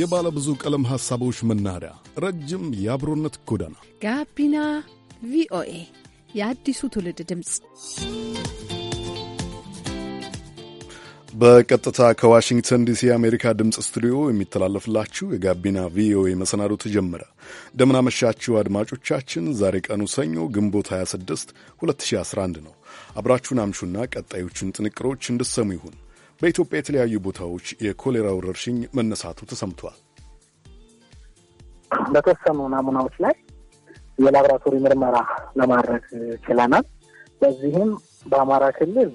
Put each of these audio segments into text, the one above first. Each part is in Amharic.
የባለ ብዙ ቀለም ሐሳቦች መናኸሪያ፣ ረጅም የአብሮነት ጎዳና፣ ጋቢና ቪኦኤ፣ የአዲሱ ትውልድ ድምፅ በቀጥታ ከዋሽንግተን ዲሲ የአሜሪካ ድምፅ ስቱዲዮ የሚተላለፍላችሁ የጋቢና ቪኦኤ መሰናዶ ተጀመረ። እንደምናመሻችሁ አድማጮቻችን። ዛሬ ቀኑ ሰኞ ግንቦት 26 2011 ነው። አብራችሁን አምሹና ቀጣዮቹን ጥንቅሮች እንድሰሙ ይሁን። በኢትዮጵያ የተለያዩ ቦታዎች የኮሌራ ወረርሽኝ መነሳቱ ተሰምቷል። በተወሰኑ ናሙናዎች ላይ የላብራቶሪ ምርመራ ለማድረግ ችለናል። በዚህም በአማራ ክልል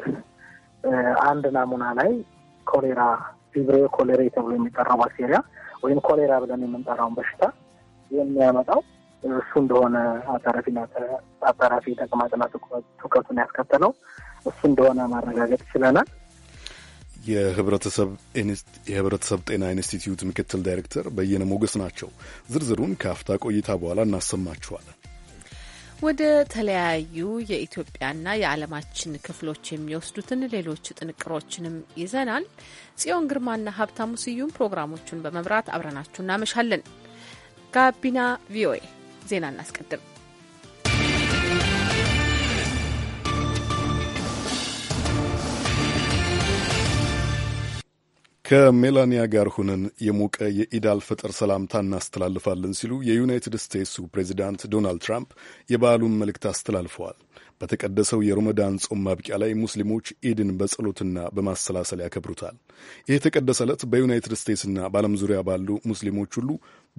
አንድ ናሙና ላይ ኮሌራ ቪብሪዮ ኮሌሬ ተብሎ የሚጠራው ባክቴሪያ ወይም ኮሌራ ብለን የምንጠራውን በሽታ የሚያመጣው እሱ እንደሆነ አጣራፊና አጣራፊ ተቅማጥና ትውከቱን ያስከተለው እሱ እንደሆነ ማረጋገጥ ችለናል። የህብረተሰብ ጤና ኢንስቲትዩት ምክትል ዳይሬክተር በየነ ሞገስ ናቸው። ዝርዝሩን ከአፍታ ቆይታ በኋላ እናሰማችኋለን። ወደ ተለያዩ የኢትዮጵያና የዓለማችን ክፍሎች የሚወስዱትን ሌሎች ጥንቅሮችንም ይዘናል። ጽዮን ግርማና ሀብታሙ ስዩም ፕሮግራሞቹን በመምራት አብረናችሁ እናመሻለን። ጋቢና ቪኦኤ ዜና እናስቀድም። ከሜላኒያ ጋር ሆነን የሞቀ የኢዳል ፍጥር ሰላምታ እናስተላልፋለን ሲሉ የዩናይትድ ስቴትሱ ፕሬዚዳንት ዶናልድ ትራምፕ የበዓሉን መልእክት አስተላልፈዋል። በተቀደሰው የሮመዳን ጾም ማብቂያ ላይ ሙስሊሞች ኢድን በጸሎትና በማሰላሰል ያከብሩታል። ይህ የተቀደሰ ዕለት በዩናይትድ ስቴትስና በዓለም ዙሪያ ባሉ ሙስሊሞች ሁሉ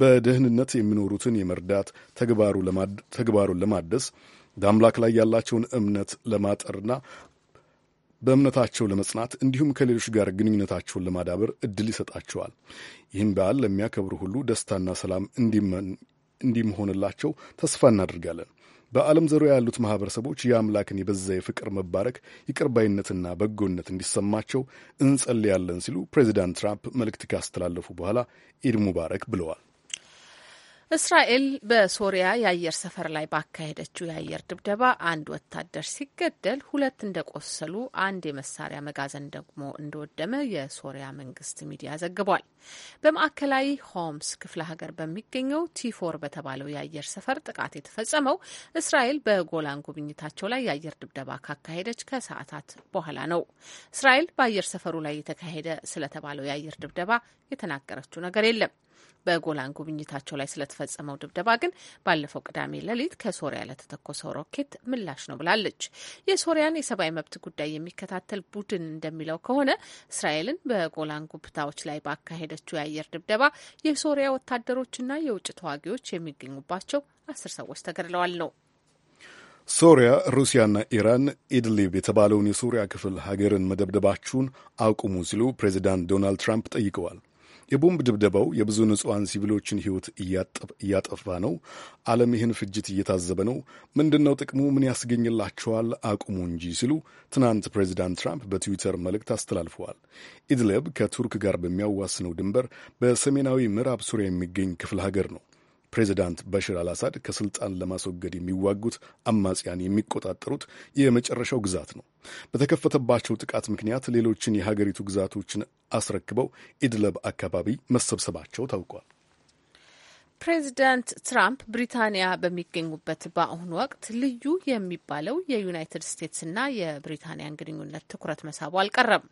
በደህንነት የሚኖሩትን የመርዳት ተግባሩን ለማደስ በአምላክ ላይ ያላቸውን እምነት ለማጠርና በእምነታቸው ለመጽናት እንዲሁም ከሌሎች ጋር ግንኙነታቸውን ለማዳበር እድል ይሰጣቸዋል። ይህን በዓል ለሚያከብሩ ሁሉ ደስታና ሰላም እንዲመሆንላቸው ተስፋ እናደርጋለን። በዓለም ዙሪያ ያሉት ማህበረሰቦች የአምላክን የበዛ የፍቅር መባረክ ይቅርባይነትና በጎነት እንዲሰማቸው እንጸልያለን ሲሉ ፕሬዚዳንት ትራምፕ መልእክት ካስተላለፉ በኋላ ኢድ ሙባረክ ብለዋል። እስራኤል በሶሪያ የአየር ሰፈር ላይ ባካሄደችው የአየር ድብደባ አንድ ወታደር ሲገደል ሁለት እንደቆሰሉ አንድ የመሳሪያ መጋዘን ደግሞ እንደወደመ የሶሪያ መንግስት ሚዲያ ዘግቧል። በማዕከላዊ ሆምስ ክፍለ ሀገር በሚገኘው ቲፎር በተባለው የአየር ሰፈር ጥቃት የተፈጸመው እስራኤል በጎላን ጉብኝታቸው ላይ የአየር ድብደባ ካካሄደች ከሰዓታት በኋላ ነው። እስራኤል በአየር ሰፈሩ ላይ የተካሄደ ስለተባለው የአየር ድብደባ የተናገረችው ነገር የለም። በጎላን ጉብኝታቸው ላይ ስለተፈጸመው ድብደባ ግን ባለፈው ቅዳሜ ሌሊት ከሶሪያ ለተተኮሰው ሮኬት ምላሽ ነው ብላለች። የሶሪያን የሰብአዊ መብት ጉዳይ የሚከታተል ቡድን እንደሚለው ከሆነ እስራኤልን በጎላን ጉብታዎች ላይ ባካሄደችው የአየር ድብደባ የሶሪያ ወታደሮችና የውጭ ተዋጊዎች የሚገኙባቸው አስር ሰዎች ተገድለዋል ነው። ሶሪያ፣ ሩሲያና ኢራን ኢድሊብ የተባለውን የሶሪያ ክፍል ሀገርን መደብደባችሁን አቁሙ ሲሉ ፕሬዚዳንት ዶናልድ ትራምፕ ጠይቀዋል። የቦምብ ድብደባው የብዙ ንጹሐን ሲቪሎችን ሕይወት እያጠፋ ነው። ዓለም ይህን ፍጅት እየታዘበ ነው። ምንድን ነው ጥቅሙ? ምን ያስገኝላቸዋል? አቁሙ እንጂ ሲሉ ትናንት ፕሬዚዳንት ትራምፕ በትዊተር መልእክት አስተላልፈዋል። ኢድለብ ከቱርክ ጋር በሚያዋስነው ድንበር በሰሜናዊ ምዕራብ ሱሪያ የሚገኝ ክፍለ ሀገር ነው። ፕሬዚዳንት በሽር አልአሳድ ከስልጣን ለማስወገድ የሚዋጉት አማጽያን የሚቆጣጠሩት የመጨረሻው ግዛት ነው። በተከፈተባቸው ጥቃት ምክንያት ሌሎችን የሀገሪቱ ግዛቶችን አስረክበው ኢድለብ አካባቢ መሰብሰባቸው ታውቋል። ፕሬዚዳንት ትራምፕ ብሪታንያ በሚገኙበት በአሁኑ ወቅት ልዩ የሚባለው የዩናይትድ ስቴትስና የብሪታንያን ግንኙነት ትኩረት መሳቡ አልቀረም።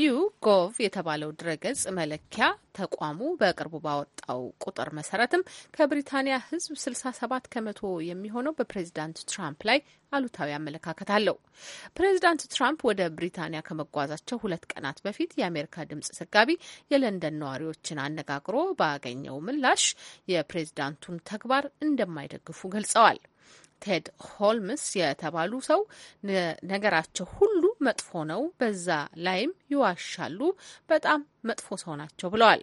ዩ ጎቭ የተባለው ድረገጽ መለኪያ ተቋሙ በቅርቡ ባወጣው ቁጥር መሰረትም ከብሪታንያ ሕዝብ 67 ከመቶ የሚሆነው በፕሬዚዳንት ትራምፕ ላይ አሉታዊ አመለካከት አለው። ፕሬዚዳንት ትራምፕ ወደ ብሪታንያ ከመጓዛቸው ሁለት ቀናት በፊት የአሜሪካ ድምጽ ዘጋቢ የለንደን ነዋሪዎችን አነጋግሮ ባገኘው ምላሽ የፕሬዚዳንቱን ተግባር እንደማይደግፉ ገልጸዋል። ቴድ ሆልምስ የተባሉ ሰው ነገራቸው ሁሉ መጥፎ ነው፣ በዛ ላይም ይዋሻሉ፣ በጣም መጥፎ ሰው ናቸው ብለዋል።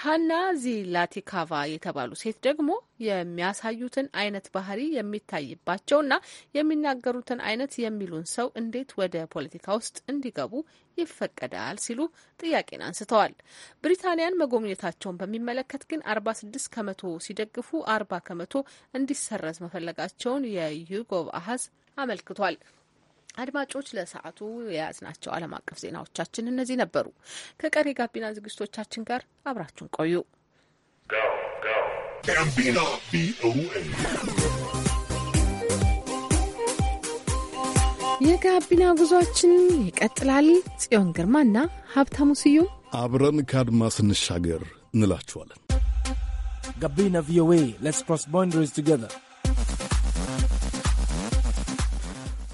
ሀና ዚላቲካቫ የተባሉ ሴት ደግሞ የሚያሳዩትን አይነት ባህሪ የሚታይባቸውና የሚናገሩትን አይነት የሚሉን ሰው እንዴት ወደ ፖለቲካ ውስጥ እንዲገቡ ይፈቀዳል ሲሉ ጥያቄን አንስተዋል። ብሪታንያን መጎብኘታቸውን በሚመለከት ግን አርባ ስድስት ከመቶ ሲደግፉ አርባ ከመቶ እንዲሰረዝ መፈለጋቸውን የዩጎቭ አሀዝ አመልክቷል። አድማጮች ለሰዓቱ የያዝናቸው ዓለም አቀፍ ዜናዎቻችን እነዚህ ነበሩ። ከቀሪ ጋቢና ዝግጅቶቻችን ጋር አብራችሁን ቆዩ። የጋቢና ጉዟችን ይቀጥላል። ጽዮን ግርማና ሀብታሙ ስዩም አብረን ከአድማ ስንሻገር እንላችኋለን። ጋቢና ቪኦኤ ሌትስ ክሮስ ቦንደሪስ ቱጌዘር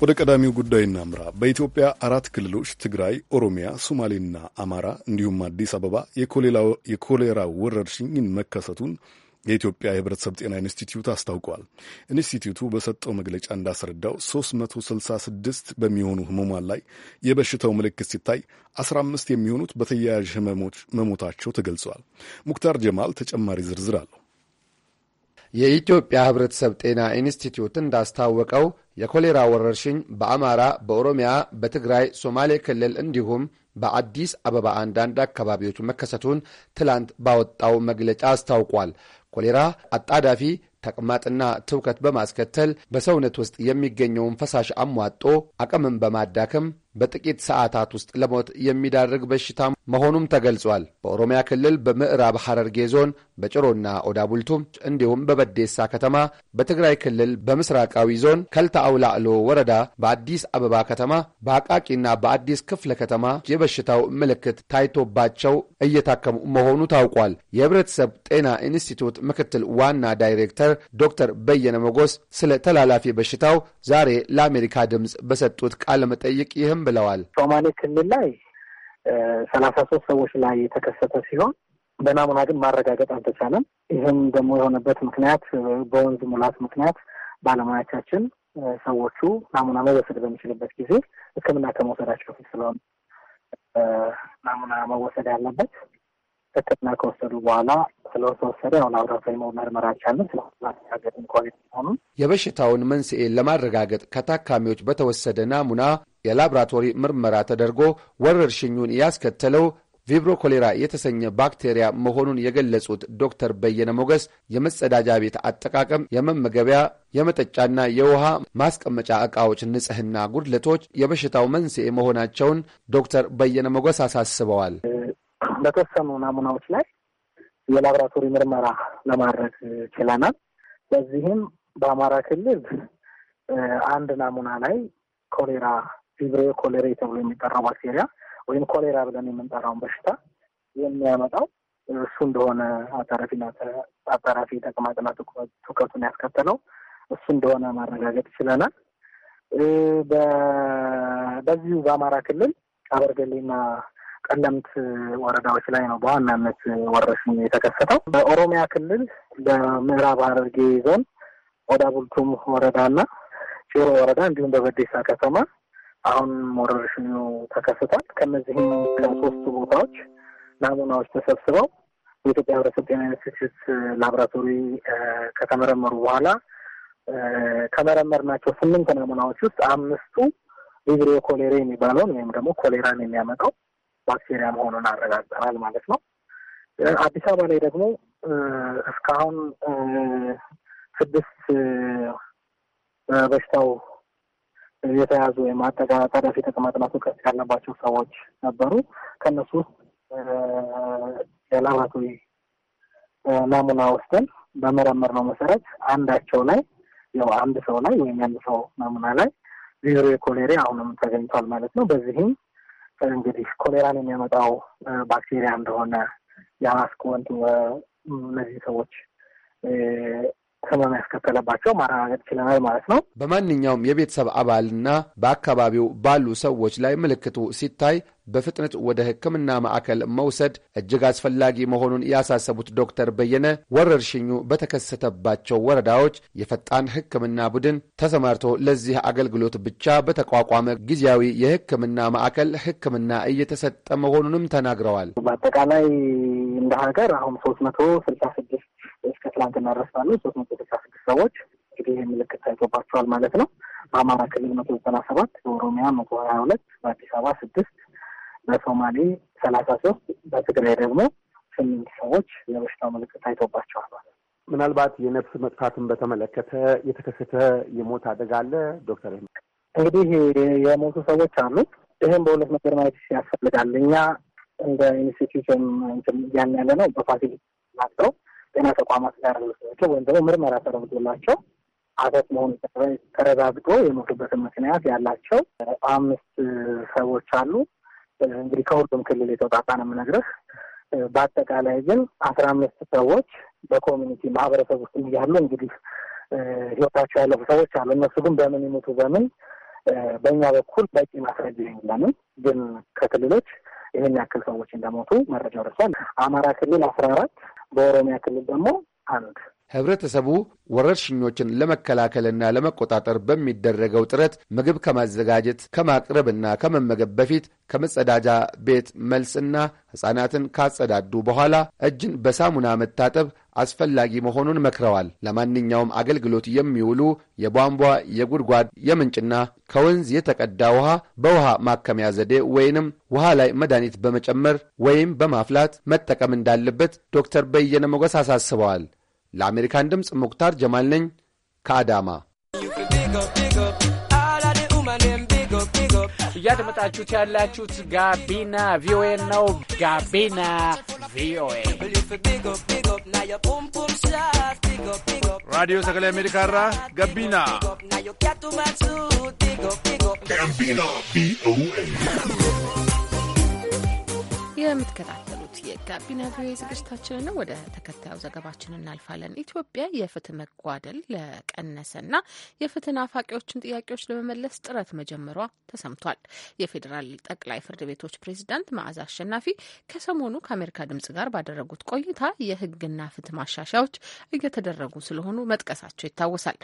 ወደ ቀዳሚው ጉዳይ እናምራ። በኢትዮጵያ አራት ክልሎች ትግራይ፣ ኦሮሚያ፣ ሶማሌና አማራ እንዲሁም አዲስ አበባ የኮሌራ ወረርሽኝን መከሰቱን የኢትዮጵያ የሕብረተሰብ ጤና ኢንስቲትዩት አስታውቋል። ኢንስቲትዩቱ በሰጠው መግለጫ እንዳስረዳው 366 በሚሆኑ ህሙማን ላይ የበሽታው ምልክት ሲታይ 15 የሚሆኑት በተያያዥ ህመሞች መሞታቸው ተገልጿል። ሙክታር ጀማል ተጨማሪ ዝርዝር አለው። የኢትዮጵያ ሕብረተሰብ ጤና ኢንስቲትዩት እንዳስታወቀው የኮሌራ ወረርሽኝ በአማራ፣ በኦሮሚያ፣ በትግራይ፣ ሶማሌ ክልል እንዲሁም በአዲስ አበባ አንዳንድ አካባቢዎች መከሰቱን ትላንት ባወጣው መግለጫ አስታውቋል። ኮሌራ አጣዳፊ ተቅማጥና ትውከት በማስከተል በሰውነት ውስጥ የሚገኘውን ፈሳሽ አሟጦ አቅምን በማዳከም በጥቂት ሰዓታት ውስጥ ለሞት የሚዳርግ በሽታ መሆኑም ተገልጿል። በኦሮሚያ ክልል በምዕራብ ሐረርጌ ዞን በጭሮና ኦዳቡልቱም እንዲሁም በበዴሳ ከተማ፣ በትግራይ ክልል በምስራቃዊ ዞን ከልታ አውላዕሎ ወረዳ፣ በአዲስ አበባ ከተማ፣ በአቃቂና በአዲስ ክፍለ ከተማ የበሽታው ምልክት ታይቶባቸው እየታከሙ መሆኑ ታውቋል። የህብረተሰብ ጤና ኢንስቲትዩት ምክትል ዋና ዳይሬክተር ዶክተር በየነ መጎስ ስለ ተላላፊ በሽታው ዛሬ ለአሜሪካ ድምፅ በሰጡት ቃለ መጠይቅ ይህም ብለዋል። ሶማሌ ክልል ላይ ሰላሳ ሶስት ሰዎች ላይ የተከሰተ ሲሆን በናሙና ግን ማረጋገጥ አልተቻለም። ይህም ደግሞ የሆነበት ምክንያት በወንዝ ሙላት ምክንያት ባለሙያቻችን ሰዎቹ ናሙና መወሰድ በሚችልበት ጊዜ ሕክምና ከመውሰዳቸው በፊት ስለሆነ ናሙና መወሰድ ያለበት ሕክምና ከወሰዱ በኋላ ስለተወሰደ አሁን አብራሳዊ መመርመር አልቻለም። ስለማረጋገጥ ኮቪድ መሆኑን የበሽታውን መንስኤ ለማረጋገጥ ከታካሚዎች በተወሰደ ናሙና የላብራቶሪ ምርመራ ተደርጎ ወረርሽኙን ያስከተለው ቪብሮ ኮሌራ የተሰኘ ባክቴሪያ መሆኑን የገለጹት ዶክተር በየነ ሞገስ የመጸዳጃ ቤት አጠቃቀም፣ የመመገቢያ የመጠጫና የውሃ ማስቀመጫ ዕቃዎች ንጽህና ጉድለቶች የበሽታው መንስኤ መሆናቸውን ዶክተር በየነ ሞገስ አሳስበዋል። በተወሰኑ ናሙናዎች ላይ የላብራቶሪ ምርመራ ለማድረግ ችለናል። በዚህም በአማራ ክልል አንድ ናሙና ላይ ኮሌራ ሊብሬ ኮሌሬ ተብሎ የሚጠራው ባክቴሪያ ወይም ኮሌራ ብለን የምንጠራውን በሽታ የሚያመጣው እሱ እንደሆነ አጣራፊና አጣራፊ ተቅማጥና ትውከቱን ያስከተለው እሱ እንደሆነ ማረጋገጥ ችለናል። በዚሁ በአማራ ክልል አበርገሌና ቀለምት ወረዳዎች ላይ ነው በዋናነት ወረርሽኙ የተከሰተው። በኦሮሚያ ክልል በምዕራብ ሐረርጌ ዞን ኦዳ ቡልቱም ወረዳና ጭሮ ወረዳ እንዲሁም በበዴሳ ከተማ አሁን ወረርሽኙ ተከስቷል። ከነዚህም ከሶስቱ ቦታዎች ናሙናዎች ተሰብስበው የኢትዮጵያ ሕብረተሰብ ጤና ኢንስቲትዩት ላቦራቶሪ ከተመረመሩ በኋላ ከመረመር ናቸው ስምንት ናሙናዎች ውስጥ አምስቱ ቪብሪዮ ኮሌሬ የሚባለውን ወይም ደግሞ ኮሌራን የሚያመጣው ባክቴሪያ መሆኑን አረጋግጠናል ማለት ነው። አዲስ አበባ ላይ ደግሞ እስካሁን ስድስት በሽታው የተያዙ ወይም አጠቃጣዳፊ ተቅማጥና ትውከት ያለባቸው ሰዎች ነበሩ። ከእነሱ ውስጥ የላብራቶሪ ናሙና ወስደን በመረመር ነው መሰረት አንዳቸው ላይ ያው አንድ ሰው ላይ ወይም አንድ ሰው ናሙና ላይ ዜሮ የኮሌራ አሁንም ተገኝቷል ማለት ነው። በዚህም እንግዲህ ኮሌራን የሚያመጣው ባክቴሪያ እንደሆነ የማስክ ወንቱ እነዚህ ሰዎች ህመም ያስከተለባቸው ማረጋገጥ ችለናል ማለት ነው። በማንኛውም የቤተሰብ አባልና በአካባቢው ባሉ ሰዎች ላይ ምልክቱ ሲታይ በፍጥነት ወደ ሕክምና ማዕከል መውሰድ እጅግ አስፈላጊ መሆኑን ያሳሰቡት ዶክተር በየነ ወረርሽኙ በተከሰተባቸው ወረዳዎች የፈጣን ሕክምና ቡድን ተሰማርቶ ለዚህ አገልግሎት ብቻ በተቋቋመ ጊዜያዊ የሕክምና ማዕከል ሕክምና እየተሰጠ መሆኑንም ተናግረዋል። በአጠቃላይ እንደ ሀገር አሁን ሶስት መቶ ስልሳ ስድስት ትናንትና ድረስ ባለው ሶስት መቶ ስልሳ ስድስት ሰዎች እንግዲህ ይህ ምልክት ታይቶባቸዋል ማለት ነው። በአማራ ክልል መቶ ዘጠና ሰባት በኦሮሚያ መቶ ሀያ ሁለት በአዲስ አበባ ስድስት በሶማሌ ሰላሳ ሶስት በትግራይ ደግሞ ስምንት ሰዎች የበሽታው ምልክት ታይቶባቸዋል ማለት ነው። ምናልባት የነፍስ መጥፋትን በተመለከተ የተከሰተ የሞት አደጋ አለ ዶክተር? እንግዲህ የሞቱ ሰዎች አሉ። ይህም በሁለት ነገር ማየት ያስፈልጋል። እኛ እንደ ኢንስቲትዩሽን ያን ያለ ነው በፋሲል ናቸው ጤና ተቋማት ጋር ወስዳቸው ወይም ደግሞ ምርመራ ተረግቶላቸው አተት መሆኑ ተረጋግጦ የሞቱበትን ምክንያት ያላቸው አምስት ሰዎች አሉ። እንግዲህ ከሁሉም ክልል የተውጣጣ ነው የምነግርህ። በአጠቃላይ ግን አስራ አምስት ሰዎች በኮሚኒቲ ማህበረሰብ ውስጥ እያሉ እንግዲህ ህይወታቸው ያለፉ ሰዎች አሉ። እነሱ ግን በምን ይሞቱ በምን በእኛ በኩል በቂ ማስረጃ የለንም። ግን ከክልሎች ይህን ያክል ሰዎች እንደሞቱ መረጃ ደርሷል። አማራ ክልል አስራ አራት በኦሮሚያ ክልል ደግሞ አንድ ህብረተሰቡ ወረርሽኞችን ለመከላከልና ለመቆጣጠር በሚደረገው ጥረት ምግብ ከማዘጋጀት ከማቅረብና ከመመገብ በፊት ከመጸዳጃ ቤት መልስና ሕፃናትን ካጸዳዱ በኋላ እጅን በሳሙና መታጠብ አስፈላጊ መሆኑን መክረዋል። ለማንኛውም አገልግሎት የሚውሉ የቧንቧ፣ የጉድጓድ፣ የምንጭና ከወንዝ የተቀዳ ውሃ በውሃ ማከሚያ ዘዴ ወይንም ውሃ ላይ መድኃኒት በመጨመር ወይም በማፍላት መጠቀም እንዳለበት ዶክተር በየነ ሞገስ አሳስበዋል። ለአሜሪካን ድምፅ ሙክታር ጀማል ነኝ ከአዳማ። እያደመጣችሁት ያላችሁት ጋቢና ቪኦኤ ነው። ጋቢና ቪኦኤ ራዲዮ ሰገሌ አሜሪካ ራ ጋቢና ጋቢና የምትከታተል የምትከታተሉት የጋቢና ቪኦኤ ዝግጅታችንን ነው። ወደ ተከታዩ ዘገባችን እናልፋለን። ኢትዮጵያ የፍትህ መጓደል ለቀነሰና የፍትህ ናፋቂዎችን ጥያቄዎች ለመመለስ ጥረት መጀመሯ ተሰምቷል። የፌዴራል ጠቅላይ ፍርድ ቤቶች ፕሬዚዳንት መዓዛ አሸናፊ ከሰሞኑ ከአሜሪካ ድምጽ ጋር ባደረጉት ቆይታ የህግና ፍትህ ማሻሻያዎች እየተደረጉ ስለሆኑ መጥቀሳቸው ይታወሳል።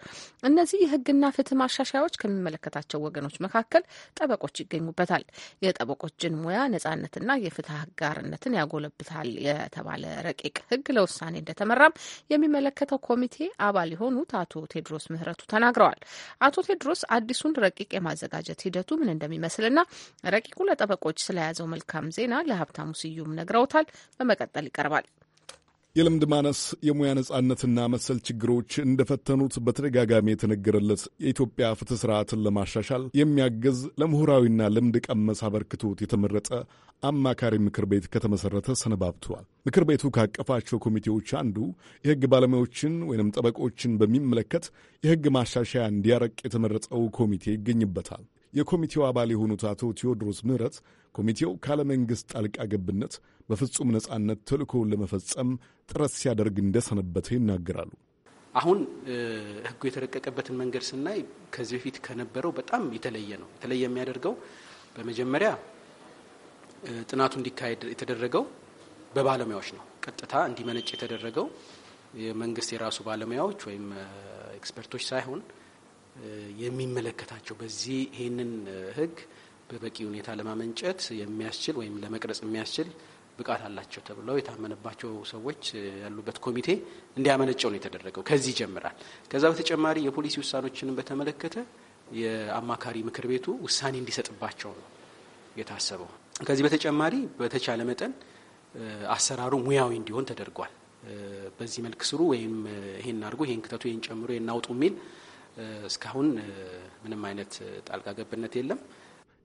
እነዚህ የህግና ፍትህ ማሻሻያዎች ከሚመለከታቸው ወገኖች መካከል ጠበቆች ይገኙበታል። የጠበቆችን ሙያ ነጻነትና የፍትህ አጋርነትን ያጎ ያጎለብታል የተባለ ረቂቅ ህግ ለውሳኔ እንደተመራም የሚመለከተው ኮሚቴ አባል የሆኑት አቶ ቴድሮስ ምህረቱ ተናግረዋል። አቶ ቴድሮስ አዲሱን ረቂቅ የማዘጋጀት ሂደቱ ምን እንደሚመስልና ረቂቁ ለጠበቆች ስለያዘው መልካም ዜና ለሀብታሙ ስዩም ነግረውታል። በመቀጠል ይቀርባል። የልምድ ማነስ የሙያ ነጻነትና መሰል ችግሮች እንደፈተኑት በተደጋጋሚ የተነገረለት የኢትዮጵያ ፍትህ ስርዓትን ለማሻሻል የሚያግዝ ለምሁራዊና ልምድ ቀመስ አበርክቶት የተመረጠ አማካሪ ምክር ቤት ከተመሠረተ ሰነባብቷል። ምክር ቤቱ ካቀፋቸው ኮሚቴዎች አንዱ የህግ ባለሙያዎችን ወይንም ጠበቆችን በሚመለከት የህግ ማሻሻያ እንዲያረቅ የተመረጠው ኮሚቴ ይገኝበታል። የኮሚቴው አባል የሆኑት አቶ ቴዎድሮስ ምህረት ኮሚቴው ካለ ጣልቃ ገብነት በፍጹም ነጻነት ተልእኮውን ለመፈጸም ጥረት ሲያደርግ እንደሰነበተ ይናገራሉ። አሁን ህጉ የተረቀቀበትን መንገድ ስናይ ከዚህ በፊት ከነበረው በጣም የተለየ ነው። የተለየ የሚያደርገው በመጀመሪያ ጥናቱ እንዲካሄድ የተደረገው በባለሙያዎች ነው። ቀጥታ እንዲመነጭ የተደረገው የመንግስት የራሱ ባለሙያዎች ወይም ኤክስፐርቶች ሳይሆን የሚመለከታቸው በዚህ ይህንን ህግ በበቂ ሁኔታ ለማመንጨት የሚያስችል ወይም ለመቅረጽ የሚያስችል ብቃት አላቸው ተብለው የታመነባቸው ሰዎች ያሉበት ኮሚቴ እንዲያመነጨው ነው የተደረገው። ከዚህ ይጀምራል። ከዛ በተጨማሪ የፖሊሲ ውሳኔዎችንም በተመለከተ የአማካሪ ምክር ቤቱ ውሳኔ እንዲሰጥባቸው ነው የታሰበው። ከዚህ በተጨማሪ በተቻለ መጠን አሰራሩ ሙያዊ እንዲሆን ተደርጓል። በዚህ መልክ ስሩ ወይም ይሄን አድርጉ፣ ይሄን ክተቱ፣ ይሄን ጨምሮ፣ ይሄን አውጡ የሚል እስካሁን ምንም አይነት ጣልቃ ገብነት የለም።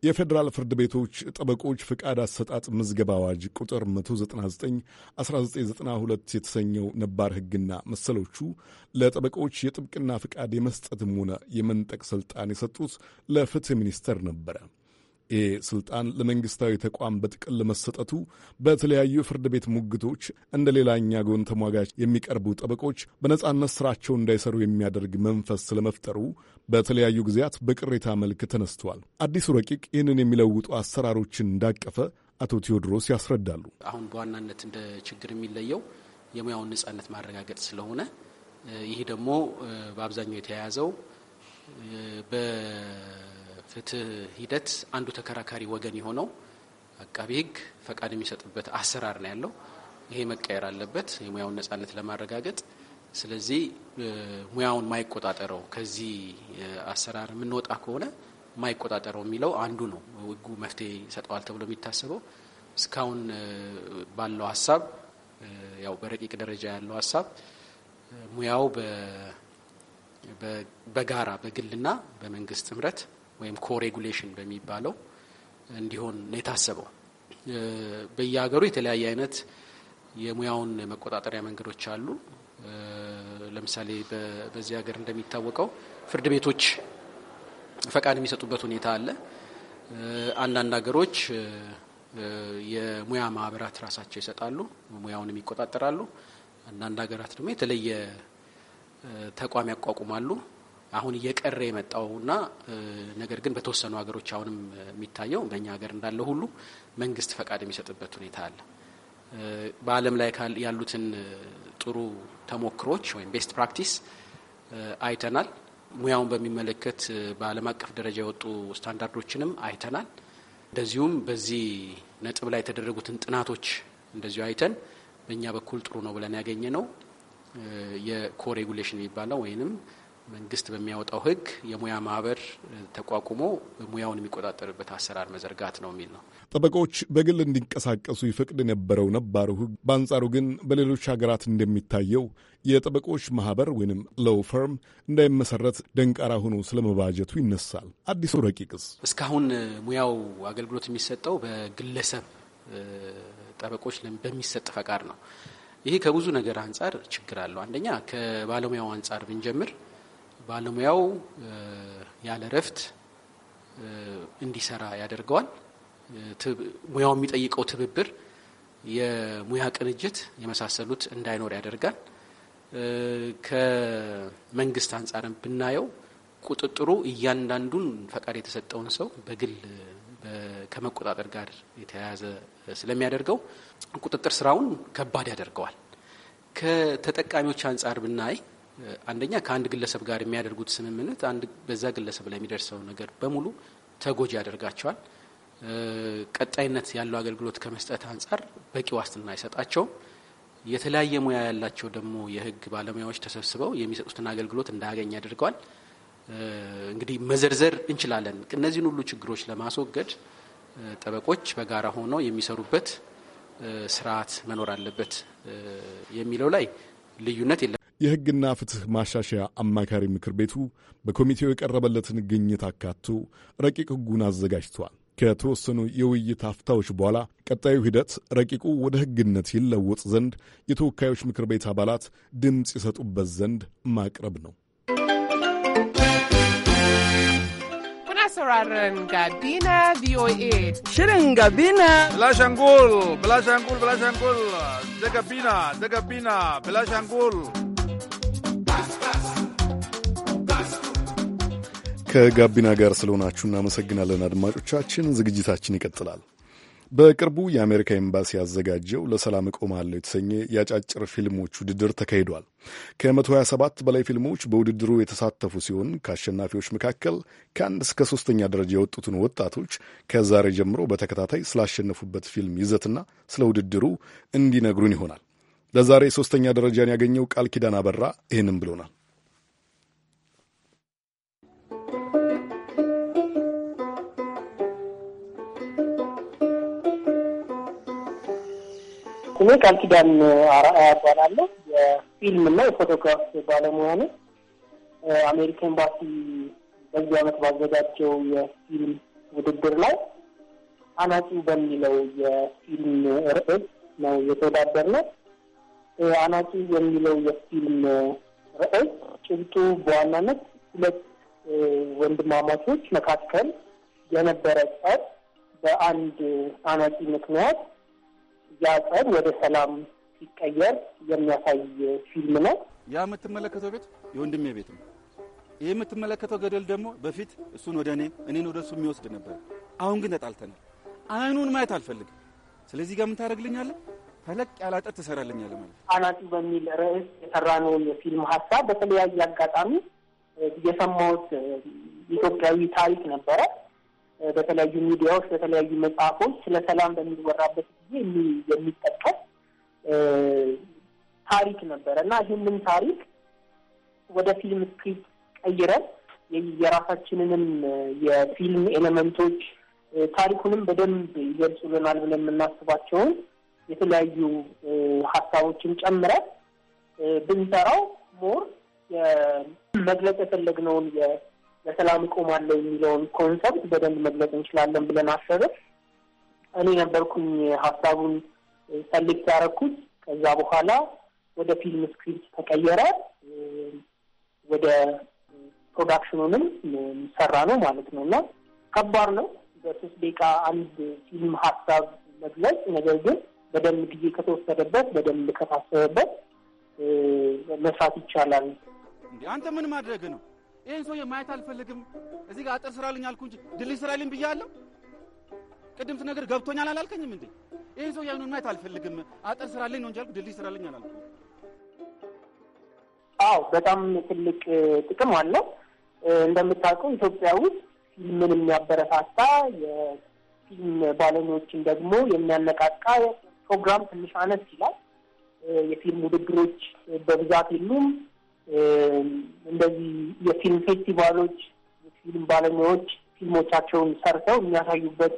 የፌዴራል ፍርድ ቤቶች ጠበቆች ፍቃድ አሰጣጥ ምዝገባ አዋጅ ቁጥር 199/1992 የተሰኘው ነባር ሕግና መሰሎቹ ለጠበቆች የጥብቅና ፍቃድ የመስጠትም ሆነ የመንጠቅ ስልጣን የሰጡት ለፍትህ ሚኒስቴር ነበረ። ይህ ስልጣን ለመንግስታዊ ተቋም በጥቅል መሰጠቱ በተለያዩ የፍርድ ቤት ሙግቶች እንደ ሌላኛ ጎን ተሟጋች የሚቀርቡ ጠበቆች በነጻነት ስራቸውን እንዳይሰሩ የሚያደርግ መንፈስ ስለመፍጠሩ በተለያዩ ጊዜያት በቅሬታ መልክ ተነስተዋል። አዲሱ ረቂቅ ይህንን የሚለውጡ አሰራሮችን እንዳቀፈ አቶ ቴዎድሮስ ያስረዳሉ። አሁን በዋናነት እንደ ችግር የሚለየው የሙያውን ነጻነት ማረጋገጥ ስለሆነ ይህ ደግሞ በአብዛኛው የተያያዘው ፍትህ ሂደት አንዱ ተከራካሪ ወገን የሆነው አቃቢ ህግ ፈቃድ የሚሰጥበት አሰራር ነው ያለው። ይሄ መቀየር አለበት የሙያውን ነጻነት ለማረጋገጥ። ስለዚህ ሙያውን ማይቆጣጠረው ከዚህ አሰራር የምንወጣ ከሆነ ማይቆጣጠረው የሚለው አንዱ ነው ህጉ መፍትሄ ይሰጠዋል ተብሎ የሚታሰበው። እስካሁን ባለው ሀሳብ ያው በረቂቅ ደረጃ ያለው ሀሳብ ሙያው በጋራ በግልና በመንግስት ጥምረት ወይም ኮሬጉሌሽን በሚባለው እንዲሆን ነው የታሰበው። በየሀገሩ የተለያየ አይነት የሙያውን መቆጣጠሪያ መንገዶች አሉ። ለምሳሌ በዚህ ሀገር እንደሚታወቀው ፍርድ ቤቶች ፈቃድ የሚሰጡበት ሁኔታ አለ። አንዳንድ ሀገሮች የሙያ ማህበራት ራሳቸው ይሰጣሉ፣ ሙያውንም ይቆጣጠራሉ። አንዳንድ ሀገራት ደግሞ የተለየ ተቋም ያቋቁማሉ። አሁን እየቀረ የመጣውና ነገር ግን በተወሰኑ ሀገሮች አሁንም የሚታየው በእኛ ሀገር እንዳለ ሁሉ መንግስት ፈቃድ የሚሰጥበት ሁኔታ አለ። በዓለም ላይ ያሉትን ጥሩ ተሞክሮች ወይም ቤስት ፕራክቲስ አይተናል። ሙያውን በሚመለከት በዓለም አቀፍ ደረጃ የወጡ ስታንዳርዶችንም አይተናል። እንደዚሁም በዚህ ነጥብ ላይ የተደረጉትን ጥናቶች እንደዚሁ አይተን በእኛ በኩል ጥሩ ነው ብለን ያገኘ ነው ሬጉሌሽን የሚባለው ወይንም መንግስት በሚያወጣው ህግ የሙያ ማህበር ተቋቁሞ ሙያውን የሚቆጣጠርበት አሰራር መዘርጋት ነው የሚል ነው። ጠበቆች በግል እንዲንቀሳቀሱ ይፈቅድ የነበረው ነባሩ ህግ በአንጻሩ ግን በሌሎች ሀገራት እንደሚታየው የጠበቆች ማህበር ወይም ሎው ፈርም እንዳይመሰረት ደንቃራ ሆኖ ስለመባጀቱ ይነሳል። አዲሱ ረቂቅስ እስካሁን ሙያው አገልግሎት የሚሰጠው በግለሰብ ጠበቆች በሚሰጥ ፈቃድ ነው። ይሄ ከብዙ ነገር አንጻር ችግር አለው። አንደኛ ከባለሙያው አንጻር ብንጀምር ባለሙያው ያለ እረፍት እንዲሰራ ያደርገዋል። ሙያው የሚጠይቀው ትብብር፣ የሙያ ቅንጅት የመሳሰሉት እንዳይኖር ያደርጋል። ከመንግስት አንጻርም ብናየው ቁጥጥሩ እያንዳንዱን ፈቃድ የተሰጠውን ሰው በግል ከመቆጣጠር ጋር የተያያዘ ስለሚያደርገው ቁጥጥር ስራውን ከባድ ያደርገዋል። ከተጠቃሚዎች አንጻር ብናይ አንደኛ ከአንድ ግለሰብ ጋር የሚያደርጉት ስምምነት አንድ በዛ ግለሰብ ላይ የሚደርሰው ነገር በሙሉ ተጎጂ ያደርጋቸዋል። ቀጣይነት ያለው አገልግሎት ከመስጠት አንጻር በቂ ዋስትና አይሰጣቸውም። የተለያየ ሙያ ያላቸው ደግሞ የህግ ባለሙያዎች ተሰብስበው የሚሰጡትን አገልግሎት እንዳያገኝ ያደርገዋል። እንግዲህ መዘርዘር እንችላለን። እነዚህን ሁሉ ችግሮች ለማስወገድ ጠበቆች በጋራ ሆነው የሚሰሩበት ስርዓት መኖር አለበት የሚለው ላይ ልዩነት የለም። የሕግና ፍትሕ ማሻሻያ አማካሪ ምክር ቤቱ በኮሚቴው የቀረበለትን ግኝት አካቶ ረቂቅ ሕጉን አዘጋጅቷል። ከተወሰኑ የውይይት አፍታዎች በኋላ ቀጣዩ ሂደት ረቂቁ ወደ ሕግነት ይለወጥ ዘንድ የተወካዮች ምክር ቤት አባላት ድምፅ ይሰጡበት ዘንድ ማቅረብ ነው። sauraron ከጋቢና ጋር ስለሆናችሁ እናመሰግናለን አድማጮቻችን። ዝግጅታችን ይቀጥላል። በቅርቡ የአሜሪካ ኤምባሲ ያዘጋጀው ለሰላም እቆማለሁ የተሰኘ የአጫጭር ፊልሞች ውድድር ተካሂዷል። ከ127 በላይ ፊልሞች በውድድሩ የተሳተፉ ሲሆን ከአሸናፊዎች መካከል ከአንድ እስከ ሶስተኛ ደረጃ የወጡትን ወጣቶች ከዛሬ ጀምሮ በተከታታይ ስላሸነፉበት ፊልም ይዘትና ስለ ውድድሩ እንዲነግሩን ይሆናል። ለዛሬ ሶስተኛ ደረጃን ያገኘው ቃል ኪዳን አበራ ይህንም ብሎናል። ስሜ ቃል ኪዳን አርአያ እባላለሁ። የፊልም እና የፎቶግራፍ ባለሙያ ነው። አሜሪካ ኤምባሲ በዚህ ዓመት ባዘጋጀው የፊልም ውድድር ላይ አናጺ በሚለው የፊልም ርዕስ ነው የተወዳደር ነው። አናጺ የሚለው የፊልም ርዕስ ጭብጡ በዋናነት ሁለት ወንድማማቾች መካከል የነበረ ጸብ በአንድ አናጺ ምክንያት ያ ጸብ ወደ ሰላም ሲቀየር የሚያሳይ ፊልም ነው። ያ የምትመለከተው ቤት የወንድሜ ቤት ነው። ይህ የምትመለከተው ገደል ደግሞ በፊት እሱን ወደ እኔ እኔን ወደ እሱ የሚወስድ ነበር። አሁን ግን ተጣልተናል። አይኑን ማየት አልፈልግም። ስለዚህ ጋር ምን ታደርግልኛለህ? ተለቅ ያለ ትሰራልኛለህ ማለት አናጢ በሚል ርዕስ የሰራነውን የፊልም ሀሳብ በተለያየ አጋጣሚ የሰማሁት ኢትዮጵያዊ ታሪክ ነበረ። በተለያዩ ሚዲያዎች፣ በተለያዩ መጽሐፎች ስለ ሰላም በሚወራበት ጊዜ የሚጠቀስ ታሪክ ነበረ እና ይህንን ታሪክ ወደ ፊልም ስክሪፕት ቀይረን የራሳችንንም የፊልም ኤሌመንቶች ታሪኩንም በደንብ ይገልጹልናል ብለን የምናስባቸውን የተለያዩ ሀሳቦችን ጨምረን ብንሰራው ሞር መግለጽ የፈለግነውን ለሰላም እቆማለሁ የሚለውን ኮንሰፕት በደንብ መግለጽ እንችላለን ብለን አሰብን። እኔ ነበርኩኝ ሀሳቡን ሰሌክት ያደረኩት። ከዛ በኋላ ወደ ፊልም ስክሪፕት ተቀየረ። ወደ ፕሮዳክሽኑንም ሰራ ነው ማለት ነው። እና ከባድ ነው በሶስት ደቂቃ አንድ ፊልም ሀሳብ መግለጽ። ነገር ግን በደንብ ጊዜ ከተወሰደበት፣ በደንብ ከታሰበበት መስራት ይቻላል። አንተ ምን ማድረግ ነው? ይህን ሰውዬ ማየት አልፈልግም። እዚህ ጋር አጥር ስራልኝ አልኩ እንጂ ድልድይ ስራልኝ ብያለሁ። ቅድም ነገር ገብቶኛል አላልከኝም እንዴ? ይህን ሰውዬ አይኑን ማየት አልፈልግም፣ አጥር ስራልኝ ነው እንጂ አልኩ፣ ድልድይ ስራልኝ አላልኩ። አዎ በጣም ትልቅ ጥቅም አለው። እንደምታውቀው ኢትዮጵያ ውስጥ ፊልምን የሚያበረታታ የፊልም ባለሙያዎችን ደግሞ የሚያነቃቃ ፕሮግራም ትንሽ አነስ ይላል። የፊልም ውድድሮች በብዛት የሉም። እንደዚህ የፊልም ፌስቲቫሎች የፊልም ባለሙያዎች ፊልሞቻቸውን ሰርተው የሚያሳዩበት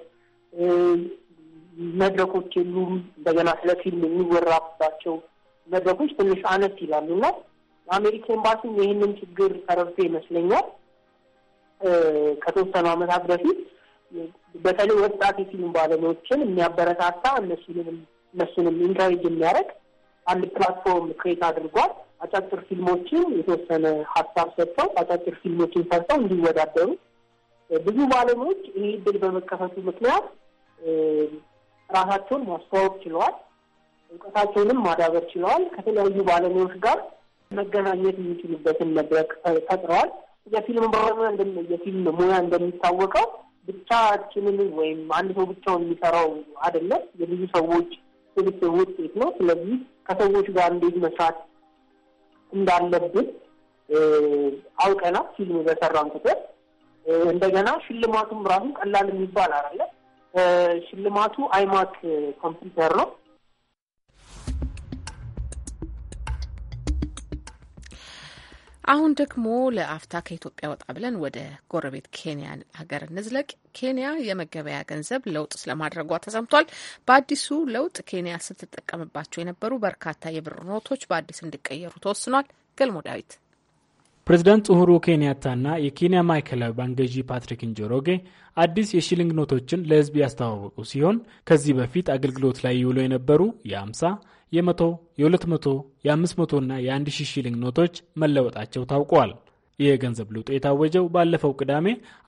መድረኮች የሉም። እንደገና ስለ ፊልም የሚወራባቸው መድረኮች ትንሽ አነስ ይላሉ እና የአሜሪካ ኤምባሲም ይህንን ችግር ተረድቶ ይመስለኛል ከተወሰኑ ዓመታት በፊት በተለይ ወጣት የፊልም ባለሙያዎችን የሚያበረታታ እነሱንም እነሱንም ኢንካሬጅ የሚያደርግ አንድ ፕላትፎርም ክሬት አድርጓል። አጫጭር ፊልሞችን የተወሰነ ሀሳብ ሰጥተው አጫጭር ፊልሞችን ሰርተው እንዲወዳደሩ ብዙ ባለሙያዎች ይህ እድል በመከፈቱ ምክንያት ራሳቸውን ማስተዋወቅ ችለዋል። እውቀታቸውንም ማዳበር ችለዋል። ከተለያዩ ባለሙያዎች ጋር መገናኘት የሚችሉበትን መድረክ ፈጥረዋል። የፊልም ባለሙያ የፊልም ሙያ እንደሚታወቀው ብቻችንን ወይም አንድ ሰው ብቻውን የሚሰራው አይደለም። የብዙ ሰዎች ስብስብ ውጤት ነው። ስለዚህ ከሰዎች ጋር እንዴት መስራት እንዳለብን አውቀናል። ፊልም በሰራን ቁጥር እንደገና ሽልማቱም ራሱ ቀላል የሚባል አይደለም። ሽልማቱ አይማክ ኮምፒውተር ነው። አሁን ደግሞ ለአፍታ ከኢትዮጵያ ወጣ ብለን ወደ ጎረቤት ኬንያ ሀገር እንዝለቅ። ኬንያ የመገበያ ገንዘብ ለውጥ ስለማድረጓ ተሰምቷል። በአዲሱ ለውጥ ኬንያ ስትጠቀምባቸው የነበሩ በርካታ የብር ኖቶች በአዲስ እንዲቀየሩ ተወስኗል። ገልሞ ዳዊት ፕሬዝዳንት ኡሁሩ ኬንያታና የኬንያ ማዕከላዊ ባንክ ገዢ ፓትሪክ እንጆሮጌ አዲስ የሺሊንግ ኖቶችን ለህዝብ ያስተዋወቁ ሲሆን ከዚህ በፊት አገልግሎት ላይ ይውሉ የነበሩ የ50፣ የ100፣ የ200፣ የ500 እና የ1000 ሺሊንግ ኖቶች መለወጣቸው ታውቋል። ይህ የገንዘብ ለውጥ የታወጀው ባለፈው ቅዳሜ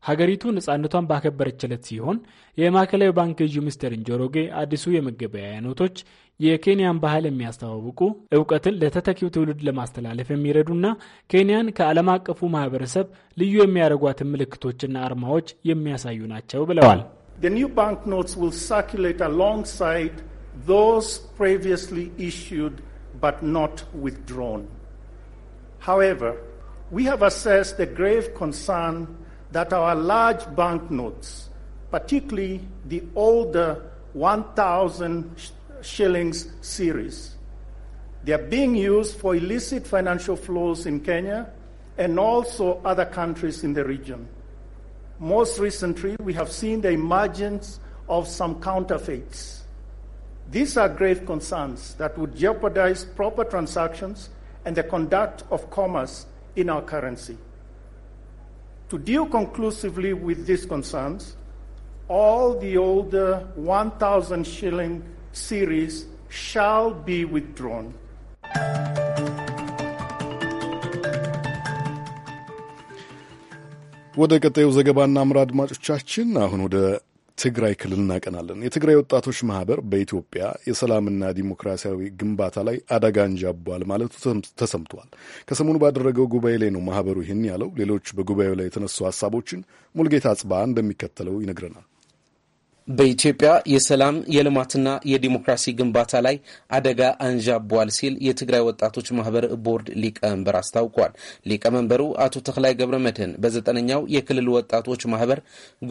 ሀገሪቱ ነፃነቷን ባከበረችለት ሲሆን የማዕከላዊ ባንክ ገዢው ሚስተር እንጆሮጌ አዲሱ የመገበያያ ኖቶች የኬንያን ባህል የሚያስተዋውቁ እውቀትን ለተተኪው ትውልድ ለማስተላለፍ የሚረዱና ኬንያን ከዓለም አቀፉ ማህበረሰብ ልዩ የሚያደርጓትን ምልክቶችና አርማዎች የሚያሳዩ ናቸው ብለዋል። However, we have assessed the grave concern that our large banknotes, particularly the older 1,000 shillings series. They are being used for illicit financial flows in Kenya and also other countries in the region. Most recently, we have seen the emergence of some counterfeits. These are grave concerns that would jeopardize proper transactions and the conduct of commerce in our currency. To deal conclusively with these concerns, all the older 1,000 shilling series shall be withdrawn. ወደ ቀጣዩ ዘገባ እናምራ አድማጮቻችን። አሁን ወደ ትግራይ ክልል እናቀናለን። የትግራይ ወጣቶች ማህበር በኢትዮጵያ የሰላምና ዲሞክራሲያዊ ግንባታ ላይ አደጋ እንጃቧል ማለቱ ተሰምቷል። ከሰሞኑ ባደረገው ጉባኤ ላይ ነው ማህበሩ ይህን ያለው። ሌሎች በጉባኤው ላይ የተነሱ ሀሳቦችን ሙልጌታ ጽባ እንደሚከተለው ይነግረናል። በኢትዮጵያ የሰላም የልማትና የዲሞክራሲ ግንባታ ላይ አደጋ አንዣቧል ሲል የትግራይ ወጣቶች ማህበር ቦርድ ሊቀመንበር አስታውቋል። ሊቀመንበሩ አቶ ተክላይ ገብረ መድህን በዘጠነኛው የክልል ወጣቶች ማህበር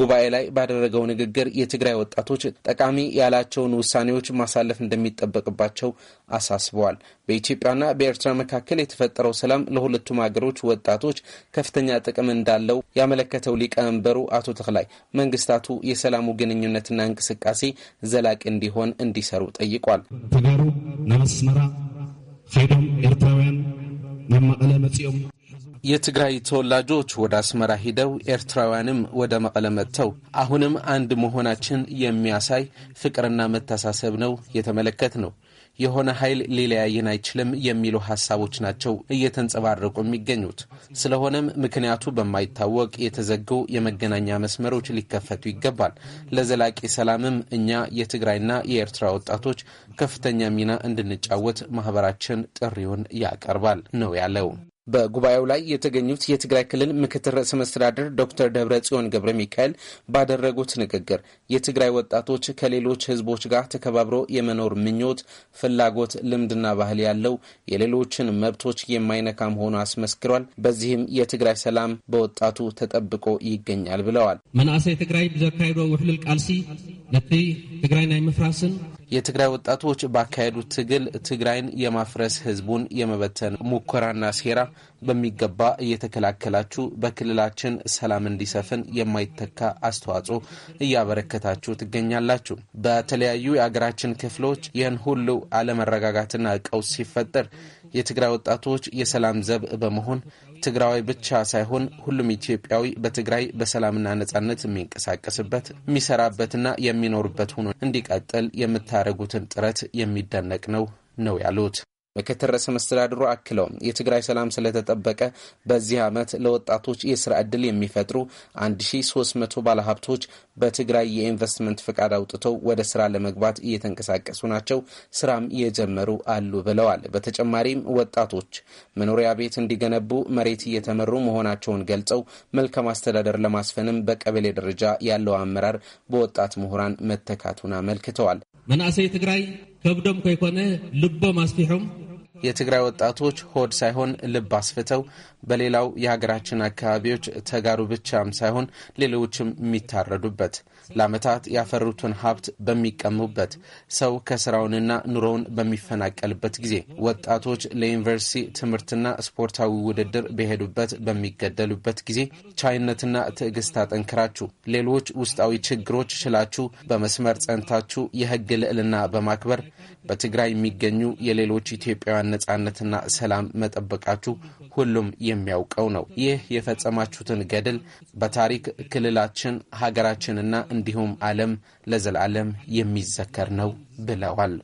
ጉባኤ ላይ ባደረገው ንግግር የትግራይ ወጣቶች ጠቃሚ ያላቸውን ውሳኔዎች ማሳለፍ እንደሚጠበቅባቸው አሳስበዋል። በኢትዮጵያና በኤርትራ መካከል የተፈጠረው ሰላም ለሁለቱም ሀገሮች ወጣቶች ከፍተኛ ጥቅም እንዳለው ያመለከተው ሊቀመንበሩ አቶ ተክላይ መንግስታቱ የሰላሙ ግንኙነት ግንኙነትና እንቅስቃሴ ዘላቂ እንዲሆን እንዲሰሩ ጠይቋል። ተጋሩ ናብ አስመራ ከይዶም ኤርትራውያን ናብ መቐለ መጺኦም የትግራይ ተወላጆች ወደ አስመራ ሂደው ኤርትራውያንም ወደ መቀለ መጥተው አሁንም አንድ መሆናችን የሚያሳይ ፍቅርና መተሳሰብ ነው የተመለከት ነው። የሆነ ኃይል ሊለያየን አይችልም የሚሉ ሀሳቦች ናቸው እየተንጸባረቁ የሚገኙት። ስለሆነም ምክንያቱ በማይታወቅ የተዘጉ የመገናኛ መስመሮች ሊከፈቱ ይገባል። ለዘላቂ ሰላምም እኛ የትግራይና የኤርትራ ወጣቶች ከፍተኛ ሚና እንድንጫወት ማህበራችን ጥሪውን ያቀርባል ነው ያለው። በጉባኤው ላይ የተገኙት የትግራይ ክልል ምክትል ርዕሰ መስተዳድር ዶክተር ደብረ ጽዮን ገብረ ሚካኤል ባደረጉት ንግግር የትግራይ ወጣቶች ከሌሎች ሕዝቦች ጋር ተከባብሮ የመኖር ምኞት፣ ፍላጎት፣ ልምድና ባህል ያለው የሌሎችን መብቶች የማይነካ መሆኑ አስመስክሯል። በዚህም የትግራይ ሰላም በወጣቱ ተጠብቆ ይገኛል ብለዋል። መናእሰይ ትግራይ ብዘካይዶ ውሕልል ቃልሲ ነቲ ትግራይ ናይ ምፍራስን የትግራይ ወጣቶች ባካሄዱት ትግል ትግራይን የማፍረስ ህዝቡን የመበተን ሙከራና ሴራ በሚገባ እየተከላከላችሁ በክልላችን ሰላም እንዲሰፍን የማይተካ አስተዋጽኦ እያበረከታችሁ ትገኛላችሁ። በተለያዩ የአገራችን ክፍሎች ይህን ሁሉ አለመረጋጋትና ቀውስ ሲፈጠር የትግራይ ወጣቶች የሰላም ዘብ በመሆን ትግራዋይ ብቻ ሳይሆን ሁሉም ኢትዮጵያዊ በትግራይ በሰላምና ነጻነት የሚንቀሳቀስበት የሚሰራበትና የሚኖርበት ሆኖ እንዲቀጥል የምታደርጉትን ጥረት የሚደነቅ ነው ነው ያሉት። ምክትል ርዕሰ መስተዳድሩ አክለው የትግራይ ሰላም ስለተጠበቀ በዚህ ዓመት ለወጣቶች የስራ ዕድል የሚፈጥሩ 1300 ባለሀብቶች በትግራይ የኢንቨስትመንት ፍቃድ አውጥተው ወደ ስራ ለመግባት እየተንቀሳቀሱ ናቸው፣ ስራም እየጀመሩ አሉ ብለዋል። በተጨማሪም ወጣቶች መኖሪያ ቤት እንዲገነቡ መሬት እየተመሩ መሆናቸውን ገልጸው መልካም አስተዳደር ለማስፈንም በቀበሌ ደረጃ ያለው አመራር በወጣት ምሁራን መተካቱን አመልክተዋል። መናእሰይ ትግራይ ከብዶም ከይኮነ ልቦም አስፊሖም የትግራይ ወጣቶች ሆድ ሳይሆን ልብ አስፍተው በሌላው የሀገራችን አካባቢዎች ተጋሩ ብቻም ሳይሆን ሌሎችም የሚታረዱበት ለአመታት ያፈሩትን ሀብት በሚቀሙበት ሰው ከስራውንና ኑሮውን በሚፈናቀልበት ጊዜ ወጣቶች ለዩኒቨርሲቲ ትምህርትና ስፖርታዊ ውድድር በሄዱበት በሚገደሉበት ጊዜ ቻይነትና ትዕግስት አጠንክራችሁ ሌሎች ውስጣዊ ችግሮች ችላችሁ በመስመር ጸንታችሁ የህግ ልዕልና በማክበር በትግራይ የሚገኙ የሌሎች ኢትዮጵያውያን ነጻነትና ሰላም መጠበቃችሁ ሁሉም የሚያውቀው ነው። ይህ የፈጸማችሁትን ገድል በታሪክ ክልላችን፣ ሀገራችንና እንዲሁም ዓለም ለዘላለም የሚዘከር ነው ብለዋል።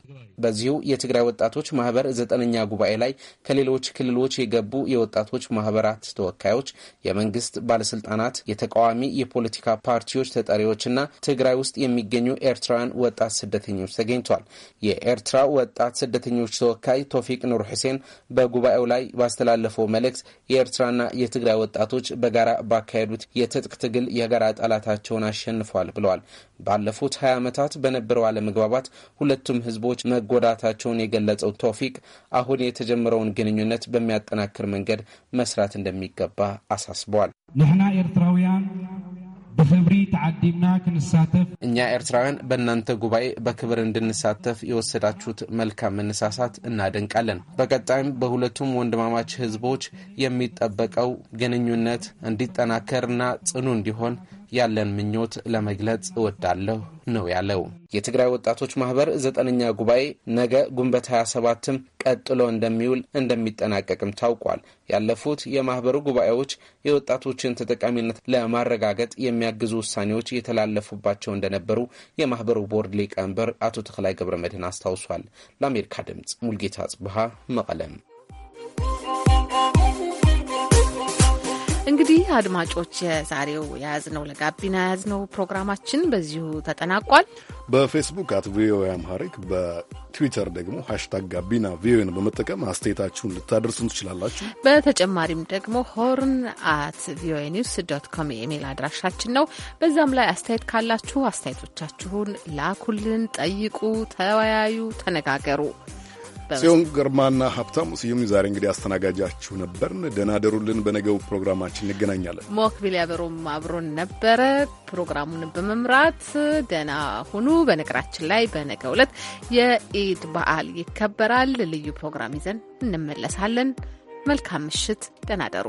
በዚሁ የትግራይ ወጣቶች ማህበር ዘጠነኛ ጉባኤ ላይ ከሌሎች ክልሎች የገቡ የወጣቶች ማህበራት ተወካዮች፣ የመንግስት ባለስልጣናት፣ የተቃዋሚ የፖለቲካ ፓርቲዎች ተጠሪዎችና ትግራይ ውስጥ የሚገኙ ኤርትራውያን ወጣት ስደተኞች ተገኝቷል። የኤርትራ ወጣት ስደተኞች ተወካይ ቶፊቅ ኑር ሁሴን በጉባኤው ላይ ባስተላለፈው መልእክት የኤርትራና የትግራይ ወጣቶች በጋራ ባካሄዱት የትጥቅ ትግል የጋራ ጠላታቸውን አሸንፏል ብለዋል። ባለፉት 20 ዓመታት በነበረው አለመግባባት ሁለቱም ህዝቦች መጎዳታቸውን የገለጸው ቶፊቅ አሁን የተጀመረውን ግንኙነት በሚያጠናክር መንገድ መስራት እንደሚገባ አሳስበዋል። ንሕና ኤርትራውያን በህብሪ ተዓዲምና ክንሳተፍ እኛ ኤርትራውያን በእናንተ ጉባኤ በክብር እንድንሳተፍ የወሰዳችሁት መልካም መነሳሳት እናደንቃለን። በቀጣይም በሁለቱም ወንድማማች ህዝቦች የሚጠበቀው ግንኙነት እንዲጠናከርና ጽኑ እንዲሆን ያለን ምኞት ለመግለጽ እወዳለሁ ነው ያለው። የትግራይ ወጣቶች ማህበር ዘጠነኛ ጉባኤ ነገ ግንቦት 27ም ቀጥሎ እንደሚውል እንደሚጠናቀቅም ታውቋል። ያለፉት የማህበሩ ጉባኤዎች የወጣቶችን ተጠቃሚነት ለማረጋገጥ የሚያግዙ ውሳኔዎች የተላለፉባቸው እንደነበሩ የማህበሩ ቦርድ ሊቀመንበር አቶ ተክላይ ገብረ መድን አስታውሷል። ለአሜሪካ ድምፅ ሙልጌታ ጽብሃ መቀለም እንግዲህ አድማጮች የዛሬው የያዝነው ለጋቢና የያዝነው ፕሮግራማችን በዚሁ ተጠናቋል። በፌስቡክ አት ቪኦኤ አምሃሪክ በትዊተር ደግሞ ሃሽታግ ጋቢና ቪኦኤን በመጠቀም አስተያየታችሁን ልታደርሱን ትችላላችሁ። በተጨማሪም ደግሞ ሆርን አት ቪኦኤ ኒውስ ዶት ኮም የኢሜል አድራሻችን ነው። በዛም ላይ አስተያየት ካላችሁ አስተያየቶቻችሁን ላኩልን፣ ጠይቁ፣ ተወያዩ፣ ተነጋገሩ። ጽዮን ግርማና ሀብታሙ ስዩም ዛሬ እንግዲህ አስተናጋጃችሁ ነበርን። ደህና ደሩልን። በነገው ፕሮግራማችን እንገናኛለን። ሞክቢል ያበሮም አብሮን ነበረ ፕሮግራሙን በመምራት ደህና ሁኑ። በነገራችን ላይ በነገው ዕለት የኢድ በዓል ይከበራል። ልዩ ፕሮግራም ይዘን እንመለሳለን። መልካም ምሽት። ደህና ደሩ።